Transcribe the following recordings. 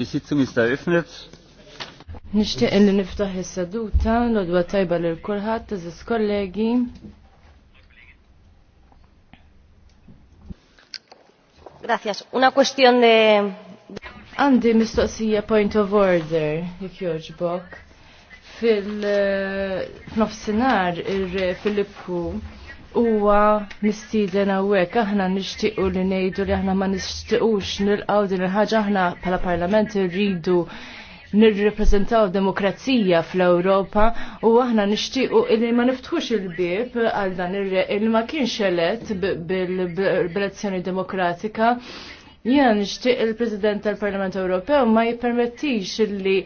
Nishtiq li niftaħ is-seduta l-odwa tajba lil kulħadd eżis kollegi. Gracias. Una cuestión de Għandi mistoqsija point of order, jekk joġbok. Fil-nofsinhar eh, ir-Filippu huwa nistieden hawnhekk aħna nixtiequ li ngħidu li aħna ma nixtiequx nilqgħu din il-ħaġa aħna bħala parlament irridu nirrepreżentaw demokrazija fl-Ewropa u aħna nixtiequ li ma niftħux il-bib għal dan il ma kienx elett bil-elezzjoni demokratika. Jena nixtieq il-President tal-Parlament Ewropew ma jippermettix li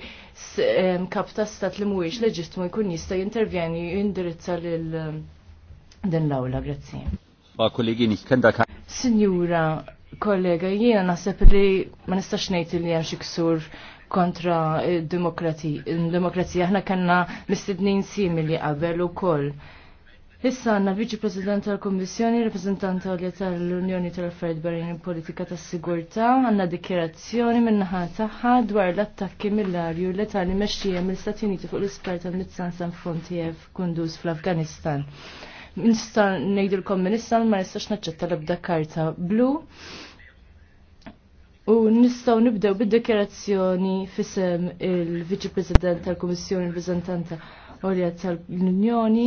kap ta' stat li mhuwiex leġistmu jkun jista' jintervjeni jindirizza lil din l-awla, grazzi. Ba kollegi, kenda ka. Signora, kollega, jiena naħseb li ma nistax ngħid li hemm xi ksur kontra demokrazija. Aħna kanna mistednin simili qabel ukoll. Issa għanna viċi President tal-Kommissjoni, reprezentant tal-Unjoni tal-Affarijiet Barranin Politika tas sigurtà għanna dikjerazzjoni minnaħa tagħha dwar l-attakki mill-arju li tali mexxija mill-Stati Uniti fuq l-isper tal-Mizzan San Fontiev kundus fl-Afganistan nista' nejdilkom minn issa ma nistax naċċetta l-ebda karta blu. U nistaw nibdew bid-dekjerazzjoni fisem il-Viċi President tal-Kummissjoni Reprezentanta Orja tal-Unjoni.